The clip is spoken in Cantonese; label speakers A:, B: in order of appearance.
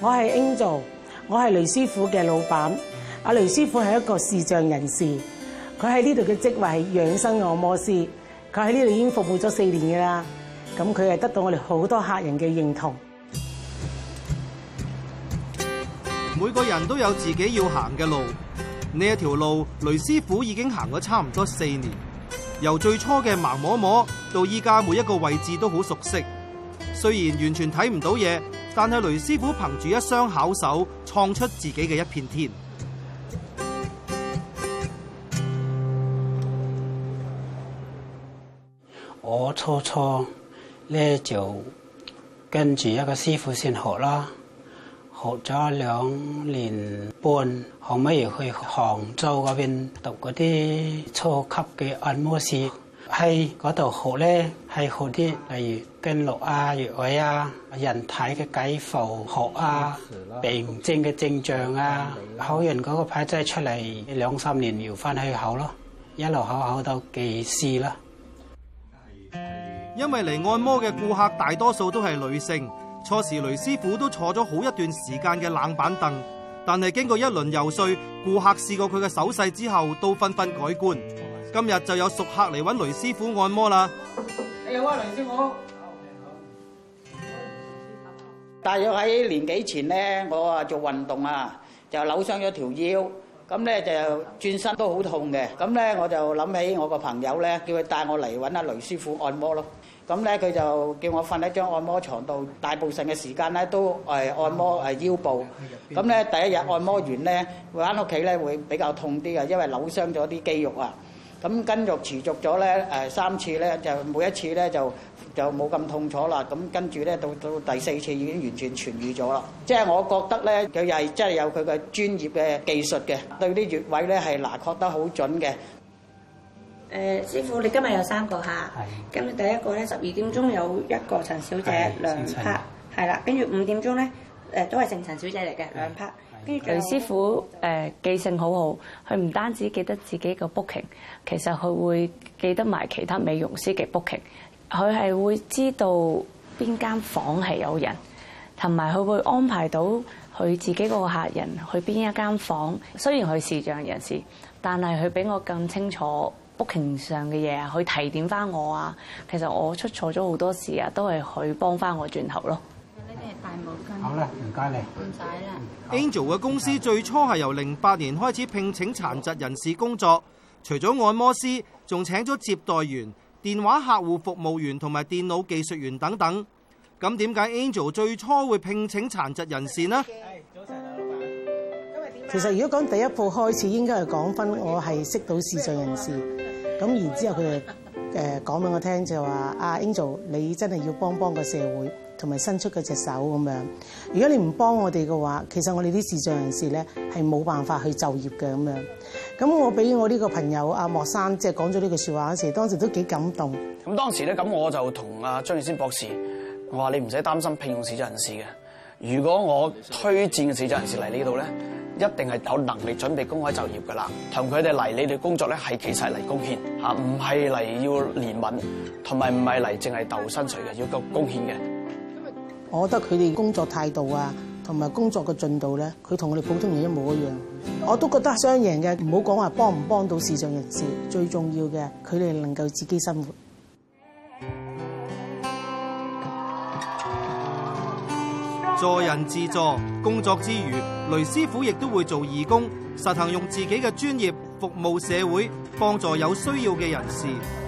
A: 我係 Angel，我係雷師傅嘅老闆。阿雷師傅係一個視障人士，佢喺呢度嘅職位係養生按摩師，佢喺呢度已經服務咗四年噶啦。咁佢係得到我哋好多客人嘅認同。
B: 每個人都有自己要行嘅路，呢一條路雷師傅已經行咗差唔多四年，由最初嘅盲摸摸到依家每一個位置都好熟悉，雖然完全睇唔到嘢。但係雷師傅憑住一雙巧手，創出自己嘅一片天。
C: 我初初咧，就跟住一個師傅先學啦，學咗兩年半，後尾又去杭州嗰邊讀嗰啲初級嘅按摩師。喺嗰度學咧，係學啲例如經絡啊、穴位啊、人體嘅解剖學啊、病症嘅症狀啊。考完嗰個牌真係出嚟
B: 兩三年，搖翻去考咯，一路考考到技師啦。因為嚟按摩嘅顧客大多數都係女性，初時雷師傅都坐咗好一段時間嘅冷板凳，但係經過一輪游説，顧客試過佢嘅手勢之後，都紛紛改觀。今日就有熟客嚟揾雷師傅按摩啦。你
C: 好啊，雷師傅。你好，你好。大約喺年幾前咧，我啊做運動啊，就扭傷咗條腰，咁咧就轉身都好痛嘅。咁咧我就諗起我個朋友咧，叫佢帶我嚟揾阿雷師傅按摩咯。咁咧佢就叫我瞓喺張按摩牀度，大部分嘅時間咧都誒按摩誒腰部。咁咧第一日按摩完咧，會返屋企咧會比較痛啲啊，因為扭傷咗啲肌肉啊。咁跟住持續咗咧，誒三次咧，就每一次咧就就冇咁痛楚啦。咁跟住咧，到到第四次已經完全痊癒咗。即係我覺得咧，佢係真係有佢嘅專業嘅技術嘅，對啲穴位咧係拿確得好準嘅。誒，師傅，你今日有三個客。係是。
A: 咁第一個咧，十二點鐘有一個陳小姐，兩是拍。係啦親，跟住五點鐘咧，誒都係姓陳小姐嚟嘅，兩是拍。雷師傅誒記性好好，佢唔單止記得自己個 booking，其實佢會記得埋其他美容師嘅 booking。佢係會知道邊間房係有人，同埋佢會安排到佢自己個客人去邊一間房。雖然佢視障人士，但係佢比我更清楚 booking 上嘅嘢，佢提點翻我啊。其實我出錯咗好多事啊，都係佢幫翻我轉頭咯。
B: 好啦，唔該你。唔 Angel 嘅公司最初係由零八年開始聘請殘疾人士工作，除咗按摩師，仲請咗接待員、電話客戶服務員同埋電腦技術員等等。咁點解 Angel 最初會聘請殘疾人士呢？係
A: 早晨啦，老闆。其實如果講第一步開始，應該係講翻我係識到視障人士，咁、嗯嗯、然之後佢哋誒講畀我聽就話啊，Angel，你真係要幫幫個社會。同埋伸出佢隻手咁樣。如果你唔幫我哋嘅話，其實我哋啲視障人士咧係冇辦法去就業嘅咁樣。咁我俾我呢個朋友阿莫生即係講咗呢句説話嗰時候，當時都幾感動。
B: 咁當時咧，咁我就同阿張宇先博士話：你唔使擔心聘用視障人士嘅。如果我推薦嘅視障人士嚟呢度咧，一定係有能力準備公開就業噶啦。同佢哋嚟你哋工作咧係其實嚟貢獻嚇，唔係嚟要憐憫，同埋唔係嚟淨係鬥薪水嘅，要夠貢獻嘅。
A: 我覺得佢哋工作態度啊，同埋工作嘅進度咧，佢同我哋普通人一模一樣。我都覺得雙贏嘅，唔好講話幫唔幫到視障人士，最重要嘅，佢哋能夠自己生活。
B: 助人自助，工作之餘，雷師傅亦都會做義工，實行用自己嘅專業服務社會，幫助有需要嘅人士。